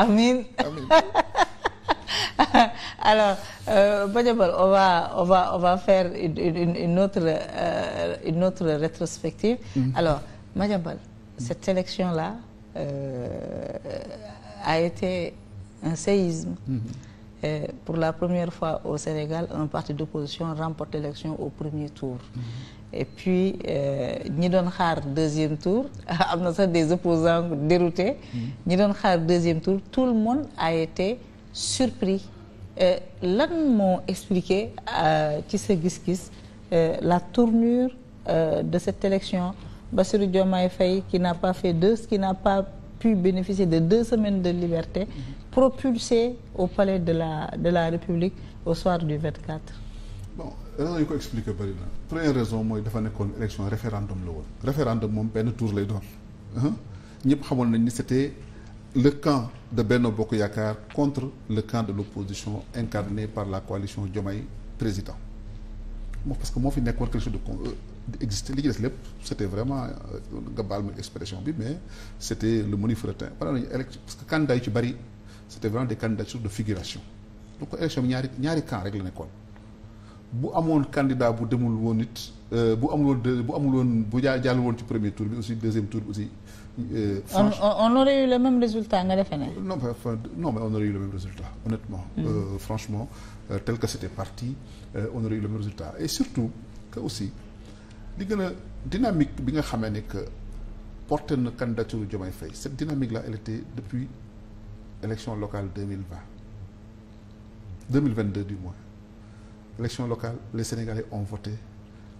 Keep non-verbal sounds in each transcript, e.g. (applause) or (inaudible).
amiin (laughs) alors euh, Badiabal on va on va on va faire une une, une autre euh, rétrospective. Mhm. alors Madiambal cette élection là euh, a été un séisme. Mhm. Euh, pour la première fois au Sénégal en parti d'opposition remporte l'élection au premier tour. Mhm. et puis euh, ñi doon xaar deuxième tour (laughs) am na sa des opposants déroutés ñi doon xaar deuxième tour tout le monde a été surpris euh, lan moo expliqué euh, ci sa gis-gis la tournure de cette élection Bassirou Diomaye Faye qui n'a pas fait deux qui n'a pas pu bénéficier de deux semaines de liberté propulsé au palais de la de la République au soir du 24 bon raison yi ko expliqué bëri na première raison mooy dafa nekkoon élection référendum la woon référendum moom benn tour lay doon ñëpp xamoon nañ ni c'était le camp de benn Bokk Yaakaar contre le camp de l'opposition incarné par la coalition Diomaye président moom parce que moo fi nekkoon quelque chose de euh, existé li ci des lépp c'était vraiment euh, nga baal ma expression bi mais c'était le menu fretin wala nañu élection parce que candidat yu ci bëri c'était vraiment des candidatures de figuration donc élection bi ñaari ñaari rek la nekkoon bu amoon candidat bu demul woon it euh, bu amuloon bu amuloon bu jaa jàll woon ci premier tour bi aussi deuxième tour bi aussi. Euh, franchement on aurait eu le même résultat nga defe ne. non non mais on aurait eu le même résultat honnêtement. Mm. Euh, franchement tel que c'était parti on aurait eu le même résultat et surtout que aussi li gën a dynamique bi nga xamee ne que porté na candidature Diomaye Faye cette dynamique là elle était depuis élection locale deux mille vingt deux mille vingt deux du moins. élection locale les Sénégalais ont voté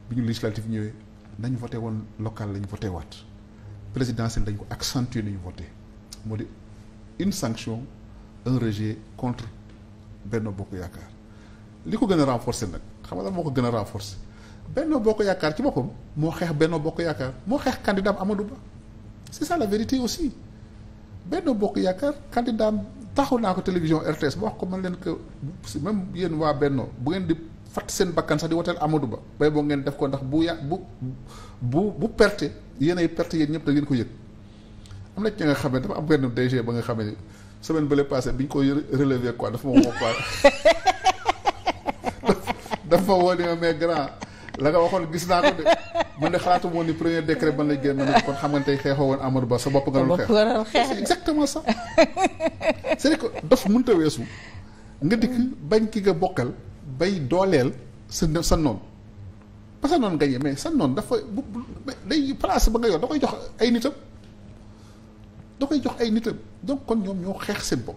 bi ñu législative ñëwee nañu voté woon local la ñu voté waat présidentielle dañ ko accentuer nañu voté moo di une sanction un rejet contre Benno Bokk Yaakaar li ko gën a renforcer nag xam nga lan moo ko gën a renforcer Benno Bokk Yaakaar ci boppam moo xeex Benno Bokk Yaakaar moo xeex candidat Amadou Ba c'est ça la vérité aussi Benno Bokk Yaakaar candidat taxu naa ko télévision RTS ba wax ko man leen que même yéen waa Benno bu fatt seen bakkan sax di woteel Amadou Ba bay boo ngeen def ko ndax bu ya bu bu bu perte yéen ay perte yéen ñëpp da ngeen ko yëg am nga xam ne dafa am benn DG ba nga xam ne semaine bële passé bi ñu koy relever quoi dafa ma woo quoi (laughs) dafa woo ni ma mais grand la nga waxoon gis naa ko man de xalaatu woon ni premier décret ban lay génn na kon xam nga tey xeexoo woon Amadou Ba bopp nga doon xeex c'est exactement ça c'est que dof weesu nga dikk bañ ki nga bokkal bay dooleel sa sa noonu ba sa noon gañee mais sa noon dafa bu day place ba nga yoon da koy jox ay nitam da koy jox ay nitam donc kon ñoom ñoo xeex seen bopp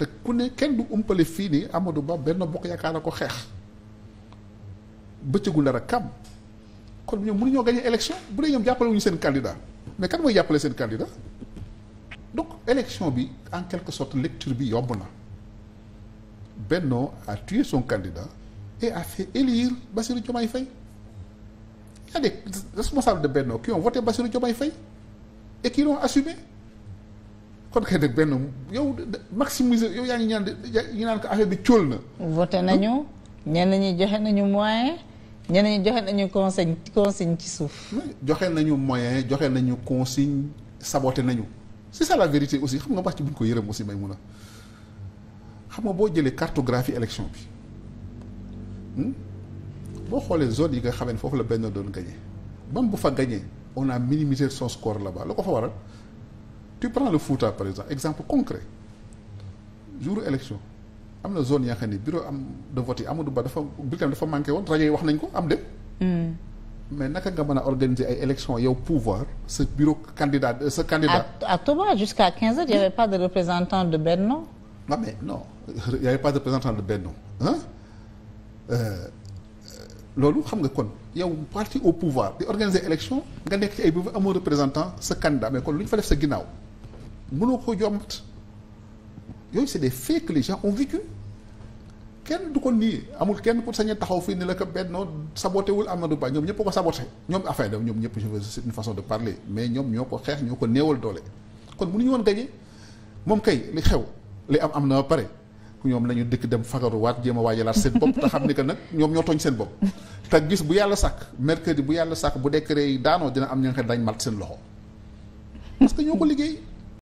te ku ne kenn du umpale fii nii amadu Ba benn bokk yaakaar na ko xeex bëccëgu rek kam kon ñoom mënuñoo gagné élection bu dee ñoom jàppale ñu seen candidat mais kan mooy jàppale seen candidat donc élection bi en quelque sorte lecture bi yomb na Benno a tué son candidat et a fait élire Bassirou Diomaye Faye il y a des responsables de Benno qui ont voté Bassirou Diomaye Faye et qui l'ont assumé kon kay de Benno yow maximiser yow yaa ngi ñaan ñu naan ko affaire bi cóol na. voté nañu ñenn ñi joxe nañu moyen ñenn ñi joxe nañu consigne consigne ci suuf. joxe nañu moyen joxe nañu consigne saboté nañu c'est ça la vérité aussi xam nga wax ci buñ ko yërëm aussi may mun a. xam nga boo jëlee cartographie élection bi hmm? boo xoolee zone yi nga xam ne foofu la benn doon gagné même bu fa gagné on a minimisé son score la bas lu ko fa waral tu prends le Fouta par exemple exemple concret jour élection am na zone yaa xam ne bureau am de vote yi Amadou Ba dafa bulletin dafa manqué woon rajo yi wax nañ ko am dem. Hmm. mais naka nga mën a organiser ay élections yow pouvoir sa bureau candidat sa candidat. à à Touba jusqu'à 15 heures pas de représentant de il y avait pas représentant de Benno euh, euh, loolu xam nga kon yow parti au pouvoir di organiser élection nga nekk ci ay bu amoo représentant sa candidat mais kon lu ñu fa def sa ginnaaw mënoo ko jombat yooyu c'est des faits que les gens ont kenn du ko nii amul kenn ku sañ a taxaw fii ni la ko Benno saboté na Amadou Ba ñoom ñëpp ko saboté ñoom affaire da ñoom ñëpp c'est une façon de parler mais ñoom ñoo ko xeex ñoo ko néewal doole kon mënuñu woon gagner moom kay li xew li am am na ba ñoom nañu dikk dem fagaruwaat jéem waajalaat seen bopp te xam ni que nag ñoom ñoo tooñ seen bopp te gis bu yàlla sàkk mercredi bu yàlla sàkk bu décret yi daanoo dina am ñoo xam dañ mat seen loxo parce ñoo ko liggéey